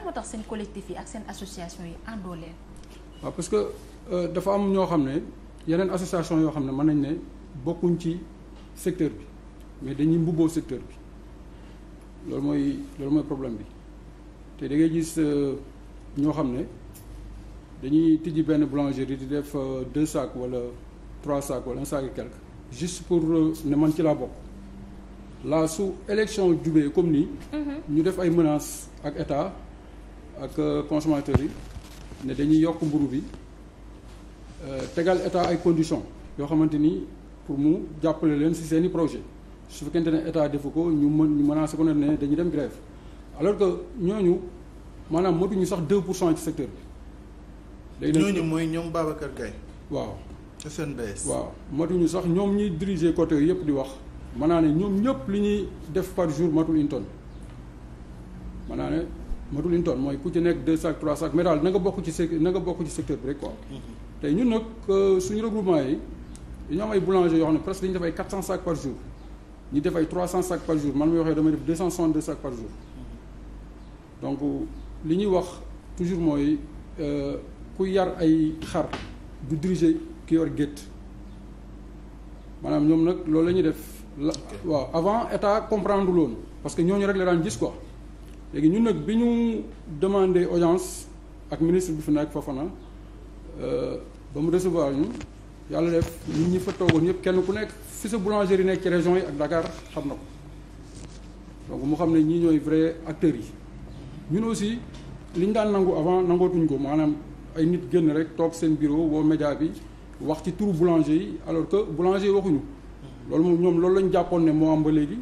lan moo tax seen collectif yi ak seen association yi àndoo leen. waaw parce que euh, dafa am ñoo xam ne yeneen association yoo xam ne mën nañ ne bokkuñ ci secteur bi mais dañuy mbubboo secteur bi loolu mooy loolu mooy problème bi te da ngay gis euh, ñoo xam ne dañuy tijji benn boulangerie di def euh, deux sacs wala trois sacs wala un sac et quelque juste pour ne man ci laa bokk laa su élection jubee comme nii mm-hmm. ñu def ay menaces ak état ak euh, consommateurs yi ne dañuy yokk mburu bi euh, tegal état ay conditions yoo xamante ni pour mu jàppale leen ci seeni projet su fekkente ne état defu ko ñu mën ñu menacé ko ne dañuy dem grève alors que ñooñu maanaam matuñu sax 2 pour cent ci secteur bi. léegi ñooñu mooy ñoom Babacar Gaye waaw SNBS. waaw matuñu sax ñoom ñuy diriger côté yëpp di wax naa ne ñoom ñëpp li ñuy def par jour matul une tonne maanaam ne. matu li ñu mooy ku ci nekk deux sacs trois sacs mais daal na nga ci sec na nga ci secteur bi rek mhm. tey ñun nag euh, suñu regroupement yi dañoo am ay boulanger yoo xam ne presque dañu def ay quatre cent par jour ñu def ay trois cent sacs par jour man mi waxee damay def deux mhm. donc li ñuy wax toujours mooy euh, ku yar ay xar du diriger ki yor gét maanaam ñoom nag loolu la ñuy def. la waaw avant état comprendre loon parce que ñooñu rek la daan gis ko léegi ñun nag bi ñu demandé audience ak ministre bi fi nekk Fofana euh, ba mu recevoir ñu yàlla def nit ñi fa toogoon yëpp kenn ku nekk fi sa yi nekk ci région yi ak Dakar xam na ko donc mu xam ne ñi ñooy vrai acteurs yi ñun aussi li ñu daan nangu avant nangootuñ ko maanaam ay nit génn rek toog seen bureau woo média bi wax ci turu boulanger yi alors que boulanger waxuñu loolu moom ñoom loolu lañu jàppoon ne moo am ba léegi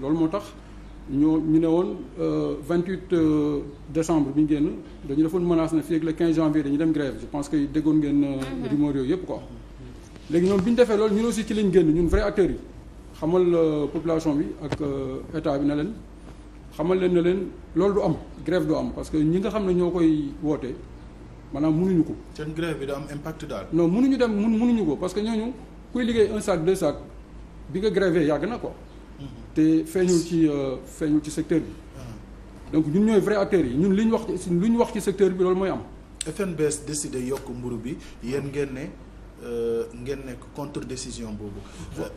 loolu moo tax ñoo ñu ne woon 28 euh, euh, décembre bi ñu dañu defoon menace na fii ak le 15 janvier dañu dem grève je pense que déggoon ngeen euh, mhm. rumeur yooyu yëpp quoi léegi ñoom bi ñu defee loolu ñun aussi ci lañ génn ñun vrai acteurs yi xamal population bi ak état bi na leen xamal leen na leen loolu du am grève du am parce que ñi nga xam ne ñoo koy wootee maanaam mënuñu ko. seen grève bi da am impact daal. non mënuñu dem mun mënuñu ko parce que ñooñu kuy liggéey un sac deux sac bi nga grévé yàgg na ko te feeñul ci euh, feeñul ci secteur bi donc ñun ñooy vrai acteurs yi ñun li ñu wax ci lu ñu wax ci secteur bi loolu mooy am FNBS décidé yokk mburu bi yéen ngeen ne euh, ngeen nekk contre décision boobu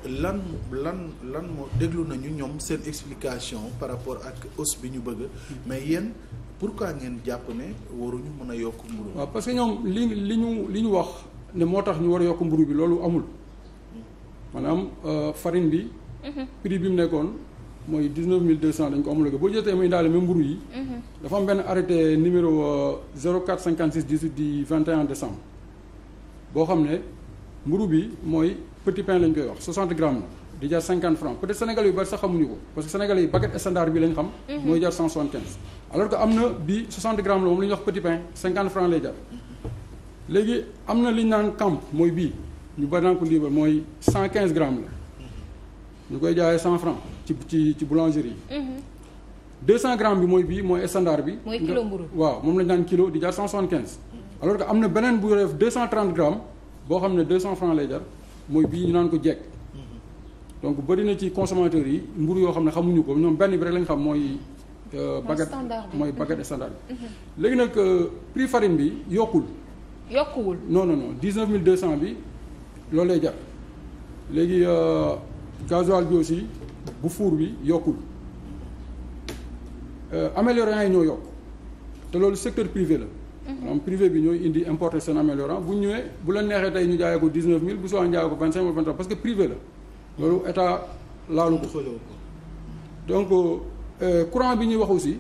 lan lan lan moo déglu nañu ñoom seen explication par rapport ak hausse bi ñu bëgg mais yéen pourquoi ngeen jàpp ne waruñu mën a yokk mburu waaw parce que ñoom li li ñu li ñu wax ne moo tax ñu war a yokk mburu bi loolu amul maanaam euh, farine bi Mm-hmm. prix bi mu nekkoon mooy dix neuf mille deux cent dañ ko homologué boo jëlee tey muy daale même mburu yi. Mm-hmm. dafa am benn arrêté numéro 04 56 18 du 21 décembre boo xam ne mburu bi mooy petit pain lañ koy wax 60 grammes la di jar 50 francs peut-être sénégalais bari sax xamuñu ko parce que sénégalais yi baguette standard bi lañ xam. Mm-hmm. mooy jar 175. alors que am na bi 60 grammes la moom la wax petit pain am na li ñu naan camp mooy bii ñu bari naan mooy 115 grammes la. ñu koy jaayee cent franc ci ci ci boulangerie yi. Mhm. deux cent grammes bi mooy bii mooy standard bi. mooy kilo mburu waaw moom lañ daan kilo di jar cent soixante quinze. alors que am na beneen bu def deux cent trente grammes boo xam ne deux cent franc lay jar mooy bii ñu naan ko jekk. Mhm. donc bëri na ci consommateurs yi mburu yoo xam ne xamuñu ko ñoom benn bi rek lañ xam mooy. baguette euh, mooy baguette standard bi. Mhm. léegi nag euh, prix farine bi yokkul. yokkuwul noo non non dix neuf mille deux cent bi loolu lay jar léegi. Euh, gasoil bi aussi bu fuur bi yokkul euh, améliorant yi ñoo yokk te loolu secteur privé la. Mhm. maanaam privé bi ñooy indi importer seen améliorant bu ñu ñëwee bu la neexee tey ñu jaayee ko dix neuf mille bu soobee ñu jaayee ko vingt cinq mille vingt trois parce que privé la loolu état laalu ko. donc euh, euh, courant bi ñuy wax aussi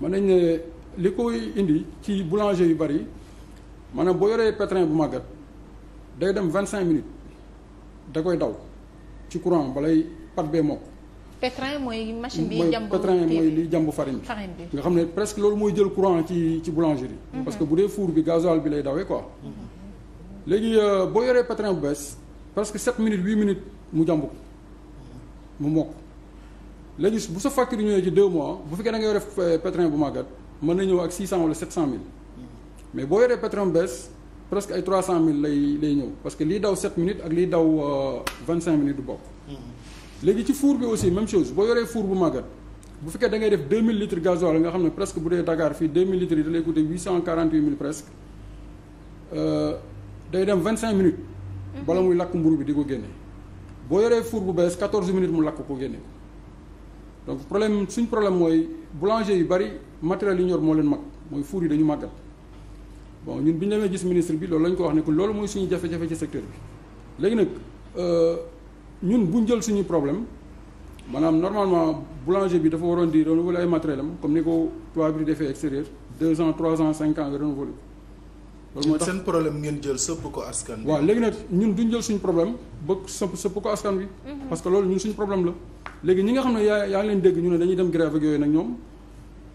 mën nañ ne li koy indi ci boulanger yu bari maanaam boo yoree pétrin bu màggat day dem vingt cinq minutes da koy daw. ci courant balay pat bee mokk. pétrin mooy machine bi jàmbu pétrin mooy li jàmbu fariñ bi nga xam ne presque loolu mooy jël courant ci ci boulangerie. Mhm. parce que bu dee four bi gasoil bi lay dawee quoi. Mhm. léegi euh, boo yoree pétrin bu bees presque 7 minutes 8 minutes mu jàmb ko mhm. mu mokk léegi bu sa facture ñëwee ci 2 mois bu fekkee da nga yore euh, pétrin bu màggat mën na ñëw ak 600 wala cent mille mais boo yoree pétrin bu bees. presque ay 300000 lay lay ñëw parce que liy daw 7 minutes ak liy daw 25 euh, minutes du bokk. Hmm. léegi ci four bi aussi même chose boo yoree four bu màggat bu fekkee da ngay def 2000 litres gasoil nga xam ne presque bu dee Dakar fii 2000 litres yi da lay coûter 848000 presque euh, day dem vingt 25 minutes. Hmm. bala muy lakk mburu bi di ko génne. boo yoree four bu bees 14 minutes mu lakk ko génne ko donc problème suñ problème mooy boulanger yu bari matériel yi ñor moo leen mag mooy four yi dañu màggat. bon ñun bi ñu demee gis ministre bi loolu la ko wax ne ko loolu mooy suñu jafe-jafe ci secteur bi léegi nag euh, ñun bu ñu jël suñu problème maanaam normalement boulanger bi dafa waroon di renouveler ay matériel am comme ni ko tubaab bi defee extérieur deux ans trois ans cinq ans nga renouveler. loolu moo tax seen ngeen jël sëpp ko askan waaw léegi nag ñun duñ jël suñu problème ba sëpp sëpp ko askan bi. Mhm. parce que loolu ñun suñu problème la. léegi ñi nga xam ne yaa yaa ngi leen dégg ñu ne dañuy dem grève ak yooyu nag ñoom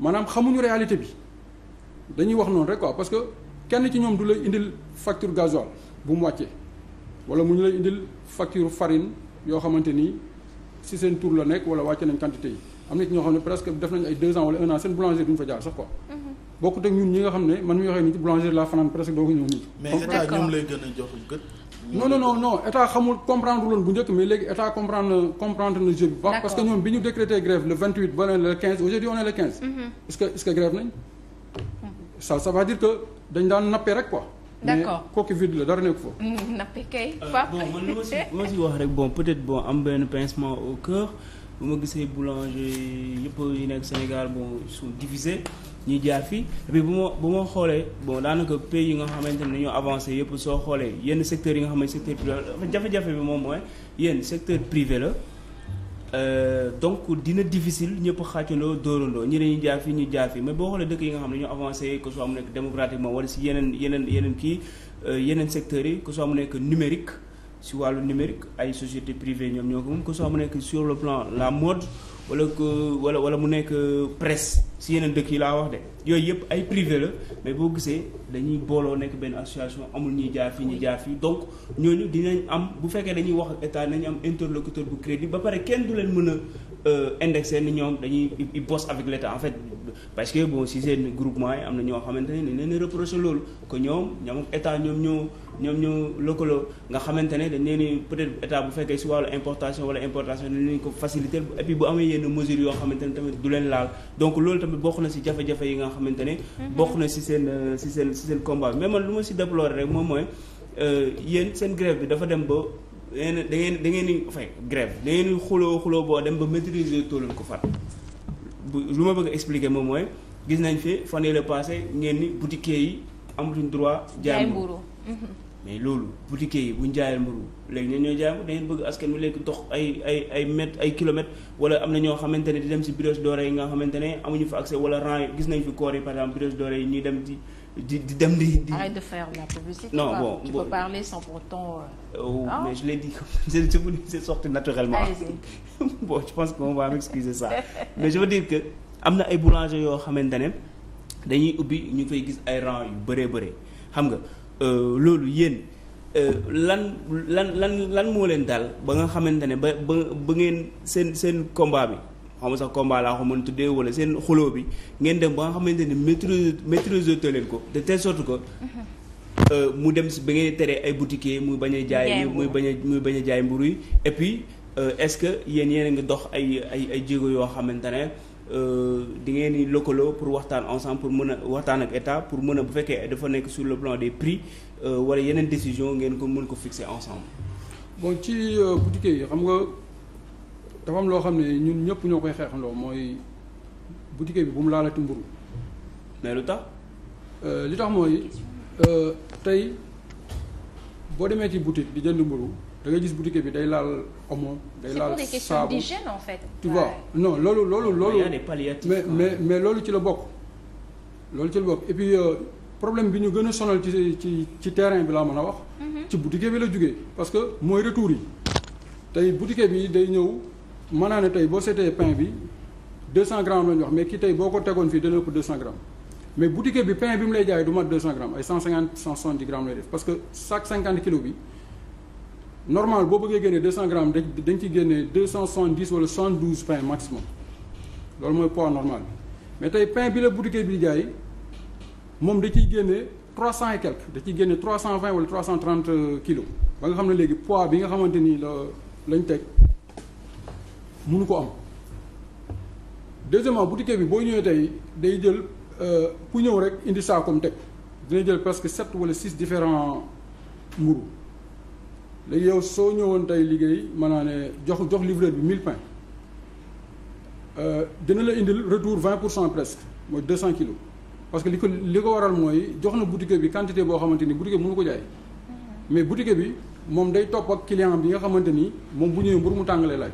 maanaam xamuñu réalité bi dañuy wax noonu rek quoi parce que. kenn ci ñoom du lay indil facture gasoil bu mu wàccee wala mu ñu lay indil facture farine yoo xamante ni si seen tour la nekk wala wàcce nañ quantité yi am na ci ñoo xam ne presque def nañ ay deux ans wala un an seen boulanger du fa jaar sax quoi. Mhm. bokkut ak ñun ñi nga xam ne man mi waxee ni ci boulanger fanaan presque doo ko ñëw nii. mais état ñoom lay gën a jox gët. non non non non xamul comprendre loon bu njëkk mais léegi état comprendre on est le dañ daan nappe rek ko d'accord mais kooku vide la dara nekk foofu. Mm, nappe kay. bon man li ma si si wax rek bon peut-être bon am benn pincement au cœur bu ma gisee boulanger yëpp yi nekk Sénégal bon sont divisés ñu jaar fii et bu ma bu ma xoolee bon daanaka pays yi nga xamante ne dañoo avancé yëpp soo xoolee yenn secteurs yi nga xam ne secteur privé la jafe-jafe bi moom mooy yenn secteur privé la. Euh, donc dina difficile ñëpp xàccaloo dóorandoo ñi dañuy jaar fii ñu jaar fii mais boo xoolee dëkk yi nga xam ne ñoo avancé que soit mu nekk démocratiquement wala si yeneen yeneen yeneen kii euh, yeneen secteurs yi que soit mu nekk numérique si wàllu numérique ay sociétés privées ñoom ñoo ko moom que soit mu nekk sur le plan la mode wala que wala wala mu nekk presse si yeneen dëkk yi laa wax de yooyu yëpp ay privé la mais boo gisee dañuy booloo nekk benn association amul ñuy jaar fii ñuy jaar fii donc ñooñu dinañ am bu fekkee dañuy wax ak état nañu am interlocuteur bu crédit ba pare kenn du leen mën a Euh, indexé ni ñoom dañuy bos bossent avec l'État en fait parce que bon si seen groupement yi am na ñoo xamante ne dañ leen reproché loolu que ñoom ñoom état ñoom ñoo ñoom ñoo lëkkaloo nga xamante ne dañ leen ni peut-être état bu fekkee si wàllu importation wala importation dañ leen ko faciliter et puis bu amee yenn mesures yoo xamante ne tamit du leen laal donc loolu tamit bokk na si jafe-jafe yi nga xamante ne mhm. bokk na si seen euh, si seen si seen combat mais man lu ma si déplorer rek moom mooy euh, yéen seen grève bi dafa dem ba da ngeen da ngeen da enfin grève da ngeen xuloo xuloo boo dem ba maîtriser too leen ko fat bu lu ma bëgg a moom mooy gis nañ fi fan yii la passé ngeen ni boutiquiers yi amatuñ droit jaay mburu mhm. mais loolu boutique yi bu ñu jaayee mburu léegi ñun ñoo jaay mburu dañuy bëgg askan wi léegi dox ay ay ay mètres ay kilomètres wala am na ñoo xamante ne di dem si Brioche Dorée yi nga xamante ne amuñu fa accès wala rang yi gis nañ fi koor yi par exemple Brioche Dorée yi ñuy dem di di di dem di di. arrête de faire la publicité. non bon tu peux parler sans pourtant. Euh, oh, mais je l'ai dit c'est c'est sorti naturellement. bon je pense qu'on va m'excuser ça mais je veux dire que am na ay boulanger yoo xamante ne dañuy ubbi ñu fay gis ay rang yu bëree bëri xam nga. Euh, loolu yéen euh, lan lan lan lan moo leen daal ba nga xamante ne ba ba ba ngeen seen seen combat bi xam sax combat laa ko mën tuddee wala seen xuloo bi ngeen dem ba nga xamante ne maîtrise maîtrise te leen ko de telle sorte que. Euh, mu dem si ba ngeen teree ay boutiquier muy bañ a jaay muy bañ a muy a jaay mburu yi et puis est-ce que yéen yéen a ngi dox ay ay ay jéego yoo xamante ne. Euh, di ngeen di lëkkaloo pour waxtaan ensemble pour mën a waxtaan ak état pour mën a bu fekkee dafa nekk sur le plan des prix euh, wala yeneen décision ngeen ko mën ko fixer ensemble. bon ci euh, boutique yi xam nga dafa am loo xam ne ñun ñëpp ñoo koy xeexandoo mooy boutique bi bu mu laalati mburu mais lu tax. li tax mooy tey boo demee ci boutique di jënd mburu da ngay gis boutique bi day laal omo. day laal saabu c'est pour des questions d'hygiène loolu loolu loolu. mais mais loolu ci la bokk. loolu ci la bokk et euh, problème bi ñu gën a sonal ci ci ci terrain bi laa mën a wax. Mhm. ci boutique bi la jugee parce que mooy retour yi. tey boutique bi day ñëw mën naa tey boo seetee pain bi 200 grammes la ñu wax mais kii tey boo ko tegoon fii dana ëpp 200 grammes. mais boutique bi pain bi mu lay jaay du mat 200 grammes ay 150 170 grammes normal boo bëggee génnee deux cent grammes dañ ciy génnee deux cent soixante dix wala soixante douze pain maximum loolu mooy point normal bi mais tey pain bi la boutique bi jaay moom da ciy génnee trois cent et quelque da ciy génne trois cent vingt wala trois cent trente euh, kilos ba nga xam ne léegi poids bi nga xamante ni la lañ teg mënu ko am deuxièmement boutique bi boo ñëwee tey day jël pu euh, ñëw rek indi saakoom teg dina jël parce que sept wala six différents mburu léegi yow soo ñëwoon tey liggéey maanaa ne jox jox livreur bi 1000 pain euh, dina la indil retour 20 pour cent presque mooy 200 kilos parce que li ko li ko waral mooy jox na boutique bi quantité boo xamante ni boutique bi mënu ko jaay. Mm-hmm. mais boutique bi moom day topp ak client bi nga xamante ni moom bu ñëwee mburu mu tàngalee laaj.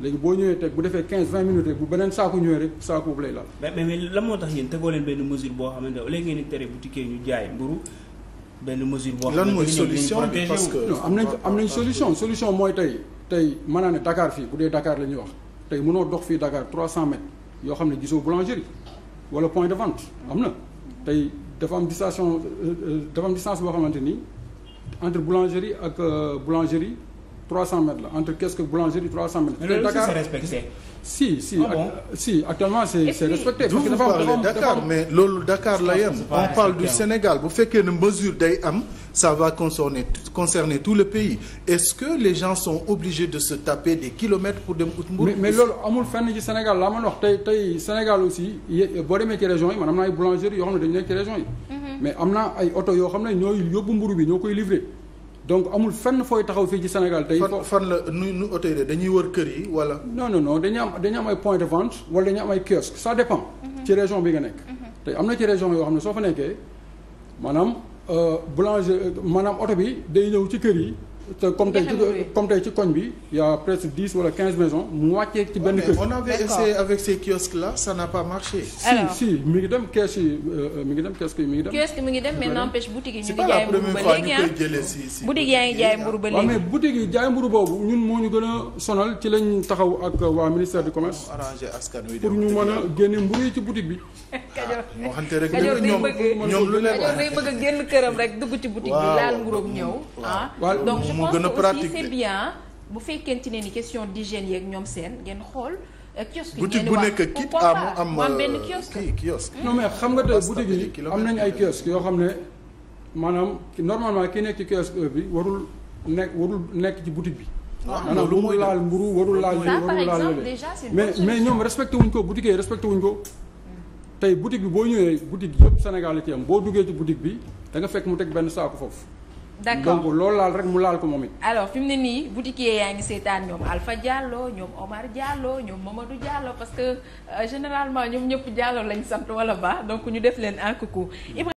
léegi boo ñëwee teg bu defee quinze vingt minutes rek bu beneen saako ñëwee rek saako boobu lay laal. mais mais lan moo tax yéen tegoo leen benn mesure boo xamante ne léegi ngeen di tere ñu jaay mburu benn mesure boo lan moo solution bi parce que non am nañ am nañ solution solution mooy tey tey mën naa ne fii bu dee dakaar la ñuy wax tey mënoo dox fii dakaar Dakar 300 mètres yoo xam ne gisoo boulangerie wala point de vente am na tey dafa am distance euh, euh, dafa am distance boo xamante ni entre boulangerie ak euh, boulangerie 300 mètres la entre kiosque boulangerie 300 mètres. mais loolu c'est respecté. si si ah actuellement c'est c'est mais loolu Dakar la yem. on parle du Sénégal bu fekkee ne mesure day am ça va concerner concerner tout le pays est-ce que les gens sont obligés de se taper des kilomètres pour dem Mbour. mais mais loolu amul fenn ci Sénégal laa mën wax tey tey Sénégal aussi boo demee ci région yi man am na boulangerie yoo xam ne dañu nekk ci région yi. Mhm. oto yoo xam ne ñooy yóbbu mburu bi ñoo koy livré. donc amul fenn fooy taxaw fii ci Sénégal tey. fan fan la nu nu autorité dañuy war kër yi wala. non non noo dañuy am dañuy am ay point de vente wala dañuy am ay kiosque sa dépend. ci mhm. région bi nga nekk. Mhm. tey am na ci région yoo xam ne soo fa nekkee maanaam euh, boulanger euh, maanaam oto bi day ñëw ci kër yi. comme tey ci comme tey ci koñ bi y' a presque dix wala quinze maisons mu wàccee ci benn kër. on avait essayé avec ces kiosques là ça mi ngi dem kees yi euh, mi ngi dem kees yi mi ngi dem. kiosque mi ngi dem mais n'empêche boutique yi ñu ngi jaay mburu ba ngi jaay mburu ba léegi. waaw yi jaay mburu boobu ñun moo ñu gën a sonal ci lañ taxaw ak waa ministère du commerce. pour ñu mën a génne mburu yi ci boutique bi. Kajoor Kajoor day bëgg Kajoor day bëgg a génn këram rek dugg ci boutique bi laal nguróom ñëw ah donc je pense euh, yoo xam ne maanaam normalement ki nekk ci kiosque bi warul nekk warul nekk ci boutique bi ah, lu muy laal mburu warul laal lii warul laal mais mais ñoom respecté ko boutique yi ko tey boutique bi boo ñëwee boutique yëpp Sénégal la ci am boo duggee ci boutique bi da fekk mu teg benn saako foofu. donc loolu laal rek mu laal ko moom it. alors fi mu ne nii boutiquier yaa ngi seetaan ñoom Alpha Diallo ñoom Omar Diallo ñoom Mamadou Diallo parce que euh, ñoom ñëpp Diallo lañ sant wala ba donc ñu def leen un coucou.